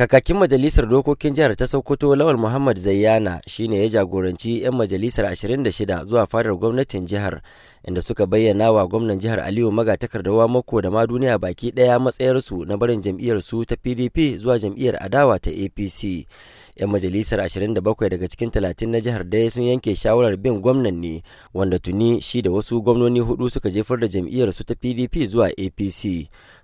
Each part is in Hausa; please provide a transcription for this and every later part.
Kakakin Majalisar Dokokin Jihar ta Sokoto Lawal Muhammad Zayyana shine ya jagoranci 'yan majalisar 26 zuwa fadar gwamnatin jihar inda suka bayyana wa gwamnan jihar Aliyu Magatakardawa Mako da ma duniya baki ɗaya matsayarsu na barin jam'iyyar su ta PDP zuwa jam'iyyar adawa ta APC. 'yan majalisar 27 daga cikin 30 na jihar dai sun yanke shawarar bin gwamnan ne wanda tuni shi da wasu gwamnoni hudu suka jefar da jam'iyyar su ta pdp zuwa apc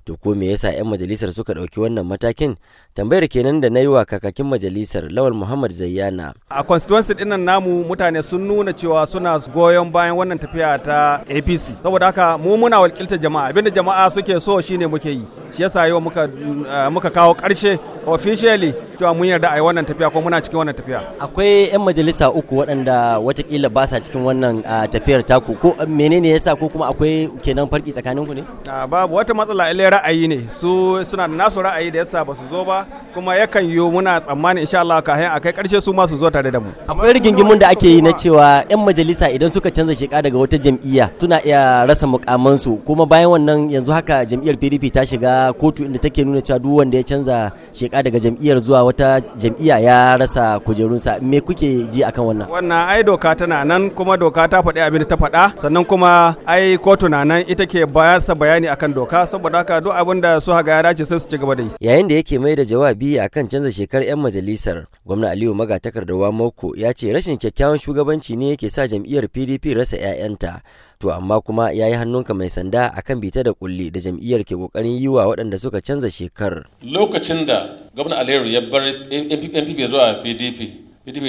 to ko me yasa 'yan majalisar suka dauki wannan matakin tambayar kenan da na yi wa kakakin majalisar lawal muhammad zayyana a constituency dinnan namu mutane sun nuna cewa suna goyon bayan wannan tafiya ta apc saboda haka mu muna walƙilta jama'a abinda jama'a suke so shine muke yi shi yasa yau muka eh, muka kawo karshe officially cewa mun yarda a yi wannan tafiya ko muna cikin wannan tafiya akwai yan majalisa uku waɗanda watakila ba sa cikin wannan ah, tafiyar taku ko eh, menene yasa ko kuma akwai kenan farki tsakaninku ne ah, babu wata matsala ile ra'ayi ne su suna da nasu ra'ayi da yasa ba su zo ba kuma yakan yiwu muna tsammani insha Allah kahin a kai karshe su masu su zo tare da mu akwai rigingimun da ake yi na cewa yan majalisa idan suka canza sheka daga wata jam'iyya suna iya rasa mukamansu kuma bayan wannan yanzu haka jam'iyyar PDP ta shiga kotu inda take nuna cewa duk wanda ya canza sheka daga jam'iyyar zuwa wata jam'iyya ya rasa kujerunsa me kuke ji akan wannan wannan ai doka tana nan kuma doka ta faɗi abin ta faɗa sannan kuma ai kotu na nan ita ke sa bayani akan doka saboda haka duk abinda su haga ya dace sai su ci gaba da yi yayin da yake mai da jawabi tarbiyya kan canza shekar 'yan majalisar gwamna aliyu magatakardawa moko ya ce rashin kyakkyawan shugabanci ne yake sa jam'iyyar pdp rasa 'ya'yanta to amma kuma ya yi hannunka mai sanda akan bita da kulli da jam'iyyar ke kokarin yi wa waɗanda suka canza shekar lokacin da gwamna aliyu ya bar npp zuwa pdp pdp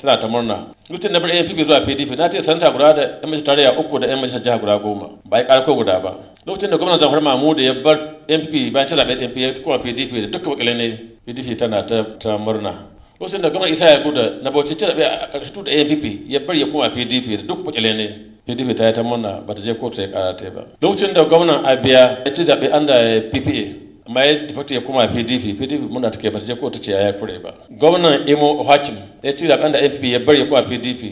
tana ta murna lokacin na bar npp zuwa pdp na ce sanata guda da yan majalisar tarayya uku da yan majalisar jiha guda goma ba ya ƙarko guda ba lokacin da gwamnan zamfara mamu da ya bar npp bayan cin zaɓen npp ya kuma pdp da duka wakilai ne pdp tana ta murna lokacin da gwamnan isa ya guda na bauchi ce da bai a ƙarshe tuta ampp ya bari ya koma pdp da duk bakile ne pdp ta yi ta murna ba ta je kotu ya ƙara ta ba lokacin da gwamnan abiya. ya ci zaɓe an da ppa amma ya dafata ya koma pdp pdp muna take ba ta je kotu ce ya kure ba gwamnan imo hakim ya ci an da npp ya bari ya koma pdp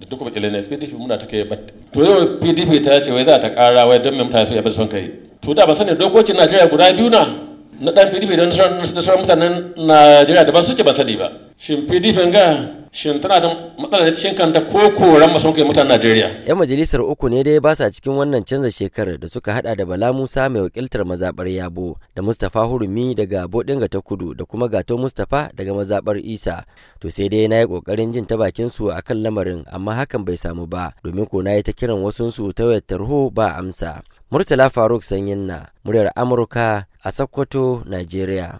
da duk bakile ne pdp muna take ba to yau pdp ta ce wai za ta kara wai don mai mutane su ya bar son kai to da ba sani dokokin najeriya guda biyu na na ɗan pdp don na sauran mutanen najeriya da ban suke ba sani ba shin pdp ga shin tana da matsalar cikin kanta ko koran masu kai mutanen najeriya yan majalisar uku ne dai ba sa cikin wannan canza shekarar da suka hada da bala musa mai wakiltar mazabar yabo da mustapha hurumi daga bodinga ta kudu da kuma gato mustapha daga mazabar isa to sai dai na yi kokarin jin ta bakin su akan lamarin amma hakan bai samu ba domin ko na yi ta kiran su ta wayar tarho ba amsa murtala faruk sanyin na muryar amurka a sokoto najeriya